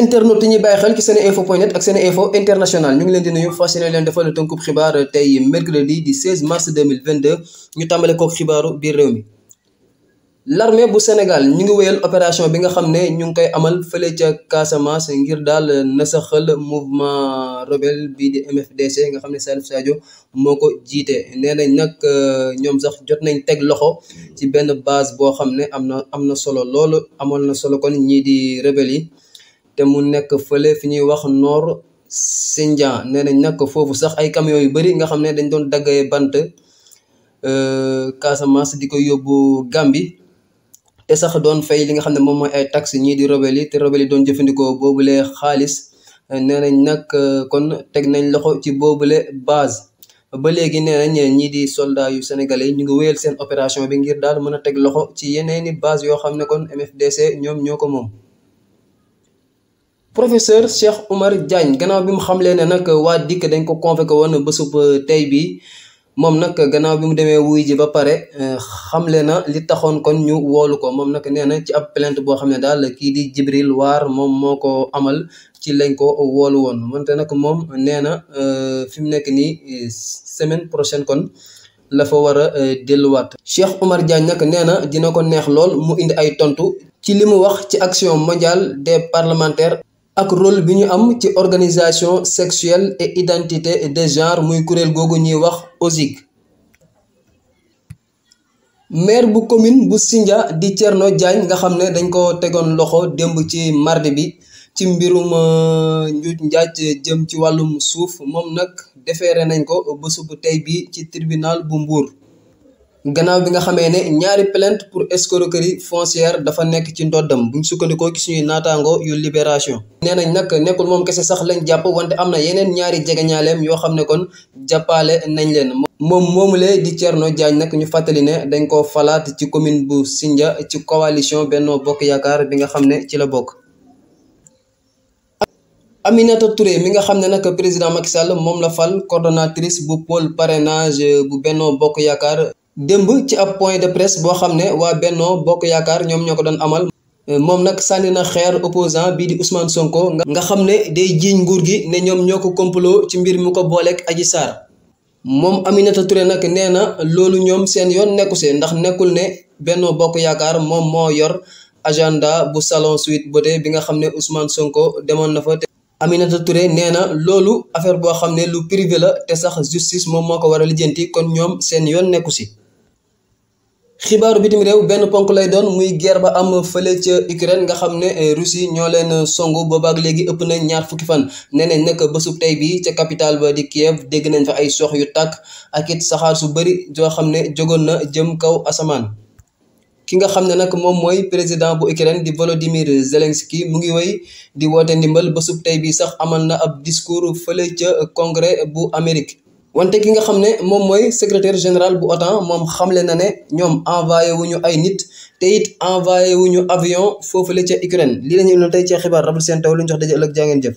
internautes yi ñuy bàyyi xel ci seen info point net ak seen info international ñu ngi leen di nuyu fas yéene leen defal tënkub xibaar tey mercredi di 16 mars ñu tàmbale kook xibaaru biir réew mi. l'armée bu Sénégal ñu ngi wéyal opération bi nga xam ne ñu ngi koy amal fële ca Casamance ngir daal nasaxal mouvement rebelle bii di MFDC nga xam ne Salif Sadio moo ko jiite nee nañ nag euh, ñoom sax jot nañ teg loxo ci benn base boo xam ne am na am na solo loolu amoon na solo kon ñii di rebelle te mu nekk fële fi ñuy wax Nord Sindian nee nañ nag foofu sax ay camions yu bëri nga xam ne dañ doon daggee bant euh, Casamance di ko yóbbu gàmbi te sax doon fay li nga xam ne moom mooy ay taxes ñii di rebelle te rebelle doon jëfandikoo boobule xaalis nee nañ nag euh, kon teg nañ loxo ci boobule base. ba léegi nee ñeen ñii di soldats yu sénégalais ñu ngi wéyal seen opération bi ngir daal mën a teg loxo ci yeneeni base yoo xam ne kon MFDC ñoom ñoo ko moom. professeur Cheikh Oumar Diagne gannaaw bi mu xamlee ne nag waa dikk dañ ko convoqué woon ba sub euh, tey bii moom nag gannaaw bi mu demee wuy ji ba pare euh, xamle na li taxoon kon ñu woolu ko moom nag nee na ci ab plainte boo xam ne daal kii di Jibril moom moo ko amal ci lañ ko woolu woon wante nag moom nee na euh, fi mu nekk nii semaine prochaine kon la fa war a delluwaat. Cheikh Oumar Diagne nag nee na dina ko neex lool mu indi ay tontu ci li mu wax ci action mondiale des parlementaires. ak rôle bi ñu am ci organisation sexuelle et identité de genre muy kuréel googu ñuy wax OSIG maire bu commune bu Sindia di Thierno Diagne nga xam ne dañ ko tegoon loxo démb ci mardi bi ci mbirum euh, njuuj njaaj jëm ci wàllum suuf moom nag defeere nañ ko bésub tey bi ci tribunal bu mbuur gannaaw bi nga xamee ne ñaari plainte pour escroquerie foncière dafa nekk ci ndoddam buñ sukkandikoo ci suñuy naataangoo yu libération nee nañ nag nekkul moom kese sax lañ jàpp wante am na yeneen ñaari jegeñaaleem yoo xam ne kon jàppale nañ leen moom moom moomulee di noo Diagne nag ñu fàttali ne dañ koo falaat ci commune bu Sindia ci coalition Benno Bokk Yaakaar bi nga xam ne ci la bokk Aminata Touré mi nga xam ne nag président Macky Sall moom la fal coordonnatrice bu pôle parrainage bu Benno Bokk Yaakaar démb ci ab point de presse boo xam ne waa Bennoo Bokk Yaakaar ñoom ñoo ko doon amal euh, moom nag sànni na xeer opposant bii di Ousmane Sonko nga xam ne day jiiñ nguur gi ne ñoom ñoo ko complot ci mbir mu ko booleeg aji Sarr moom Aminata ture nag nee na loolu ñoom seen yoon nekku see ndax nekkul ne Bennoo Bokk Yaakaar moom moo yor agenda bu salon Sweet Beauté bi nga xam ne Ousmane Sonko demoon na fa te Aminata Touré nee na loolu affaire boo xam ne lu privé la te sax justice moom moo ko war a lijjanti kon ñoom seen yoon nekku si xibaaru bitim réew benn ponk lay doon muy guerre ba am fële ca Ukraine nga xam ne eh, Russie ñoo leen songu boobaak léegi ëpp nañ ñaar fukki fan nee nañ nag bésub tey bi ca capitale ba di Kiev dégg nañ fa ay sox yu tàkk ak it saxaar su bëri joo xam ne jogoon na jëm kaw asamaan. ki nga xam ne nag moom mooy président bu Ukraine di Volodymyr Zelensky mu ngi woy di woote ndimbal bésub tey bi sax amal na ab discours fële ca congrès bu Amérique. wante ki nga xam ne moom mooy secrétaire général bu OTAN moom xamle na ne ñoom envoyé wu ñu ay nit te it envoyé wu ñu avion foofu la ca Ukraine lii la ñuy doon tey cee xibaar rabal seen taw lu ñu jox daje ëllëg jaa jëf.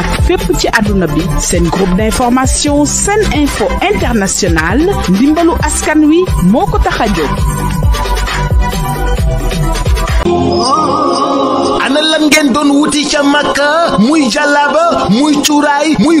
ak fépp ci àdduna bi seen groupe d'information seen info international ndimbalu askan wi moo ko tax a jóg ana lan ngeen doon wuti ca makka muy jàllaaba muy cuuraay muy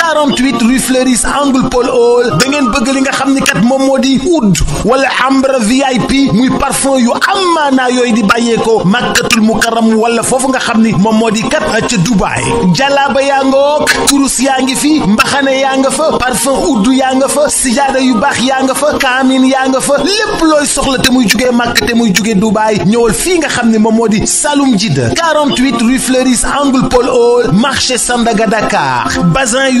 48 rue Fleuris angle Paul Hall da ngeen bëgg li nga xam ni moom moo di oud wala ambre VIP muy parfum yu am maanaa yooyu di bàyyeekoo màkkatul mukaram wala foofu nga xam ni moom moo di kat ca Dubaay jalaaba yaa nga wook turus yaa ngi fi mbaxane yaa nga fa parfum oud yaa nga fa sijaada yu baax yaa nga fa kaamin yaa nga fa lépp soxla te muy jugee màkk muy jugee Dubaay ñëwal fii nga xam ni moom moo di Saloum Jide 48 rue Fleuris angle Paul Hall marché Sandaga Dakar bazin